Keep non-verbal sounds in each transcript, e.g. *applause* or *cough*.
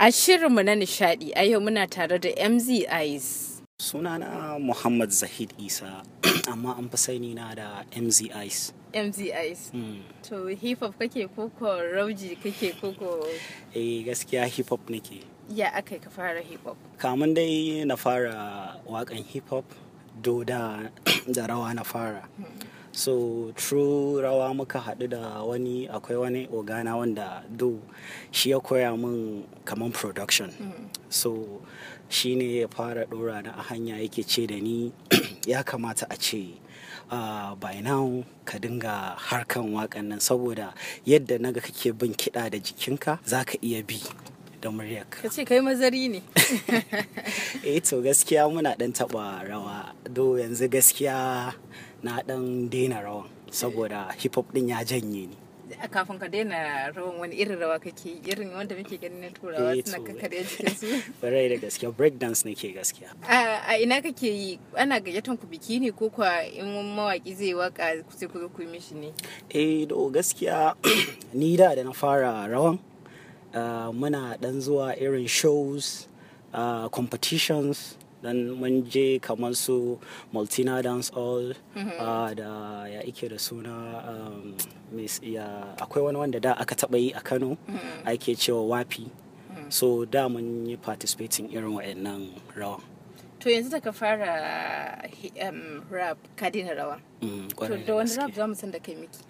A shirinmu na nishadi a yau muna tare da MZ eyes Sunana Muhammad Zahid Isa *clears throat* amma an fi sani na da MZ eyes MZ eyes Mm. To hip hop kake koko rauji kake koko? Eh gaskiya hip hop nake. Ya aka ka fara hip hop? Kamun dai na fara wakan hip hop doda *clears throat* da rawa na fara. mm. so true rawa muka haɗu da wani akwai wani ogana wanda do shi ya koya min kaman production mm. so shi ne ya fara ɗora na a hanya yake ce da ni *clears throat* ya kamata a ce uh, by now ka dinga harkan wakan nan saboda yadda naga kake bin kiɗa da jikinka za ka iya bi da muryarka. Ka ce kai mazari ne. *laughs* eh to gaskiya muna ɗan taɓa rawa do yanzu gaskiya na dan daina rawan saboda hip hop din ya janye ni eh, kafin ka daina rawan wani irin rawa kake irin wanda muke ganin na turawa eh, suna kakkarya jikin *laughs* barai da gaskiya break dance nake gaskiya a ina kake yi ana gayyatan ku biki ne ko kwa in mawaki zai waka sai ku zo ku yi mishi ne eh do gaskiya *clears throat* ni da da na fara rawan ah, muna dan zuwa irin shows ah, competitions dan mun je kamar su multina dance hall mm-hmm. ah, da ya ike da suna um, akwai wani wanda da aka taba yi a kano mm-hmm. ake cewa wafi mm-hmm. so da mun yi participating irin wa'annan rawa. to yanzu ka fara um, rap ka rawa mm, to da wani rap za mu san da kai miki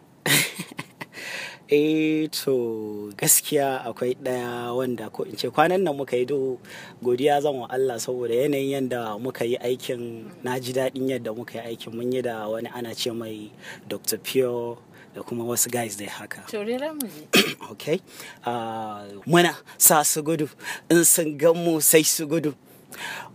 eh to gaskiya akwai ɗaya wanda ko in ce kwanan nan muka yi do godiya zan wa Allah saboda yanayin yadda muka yi aikin na ji daɗin yadda muka yi aikin mun yi da wani ana ce mai Dr. pio da kuma wasu guys dai haka. *coughs* ok. Ah, muna sa su gudu in sun gan mu sai su gudu.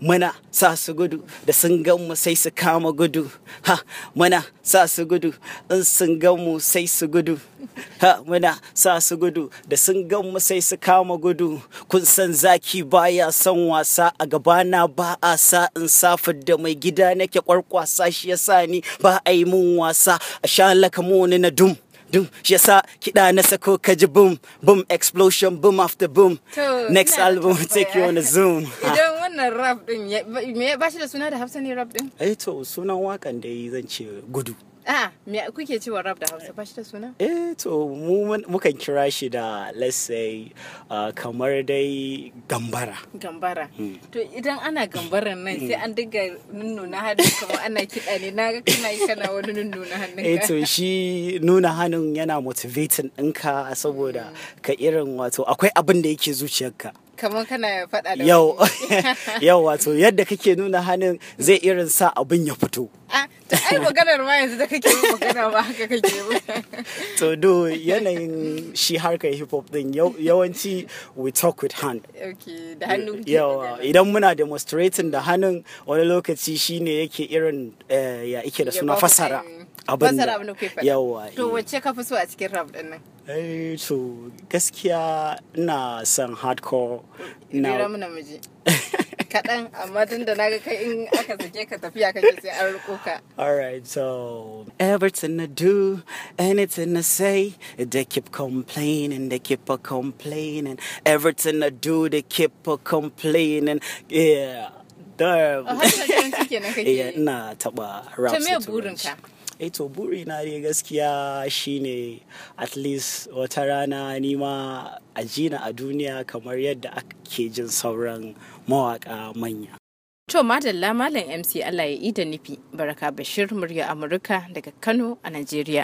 muna sa su gudu da sun mu sai su kama gudu ha muna sa su gudu in sun mu sai su gudu ha muna sa su gudu da sun mu sai su kama gudu kun san zaki baya son wasa a gabana ba a sa in safar da mai gida nake kwarkwasa shi ya sa ni ba a yi mun wasa a sha lakamoni na dum dum shi yasa kiɗa na sako kaji boom boom explosion boom after boom next album take you on a zoom idan wannan rap din me ba shi da suna da hafsa ne rap din eh to sunan wakan da zan ce gudu Ah, me kuke cewa rap da hafsa ba shi da suna? Eh to mu mukan kira shi da let's say uh, kamar dai gambara. Gambara. Hmm. To idan ana gambaran nan sai an diga nuna hannun kuma ana kiɗa ne na kana yi kana wani nuna hannun Eh to shi nuna hannun yana motivating ɗinka saboda ka irin wato akwai abin da yake zuciyarka. kamar kana faɗa da yau *laughs* yau wato yadda kake nuna hannun zai irin sa abin ya fito ah, ai maganar ma yanzu da kake magana ba haka kake *laughs* to do yanayin shi harkar hip hop din yawanci we talk with hand okay da ke yau idan muna demonstrating da hannun wani lokaci shine yake irin eh, ya ike da suna fasara Eh. Eh, to gaskiya ina son hardcore *laughs* kaɗan amma tun da naga kai in aka sake ka tafiya kake sai an riko ka alright so everything I do anything I say they keep complaining they keep a complaining everything I do they keep a complaining yeah damn *laughs* yeah ina taba rap to me burinka eh to burina dai gaskiya shine at least wata rana nima a jina a duniya kamar yadda ake jin sauran mawaka manya to madalla malam mc allah ya ida nufi baraka bashir murya amurka daga kano a najeriya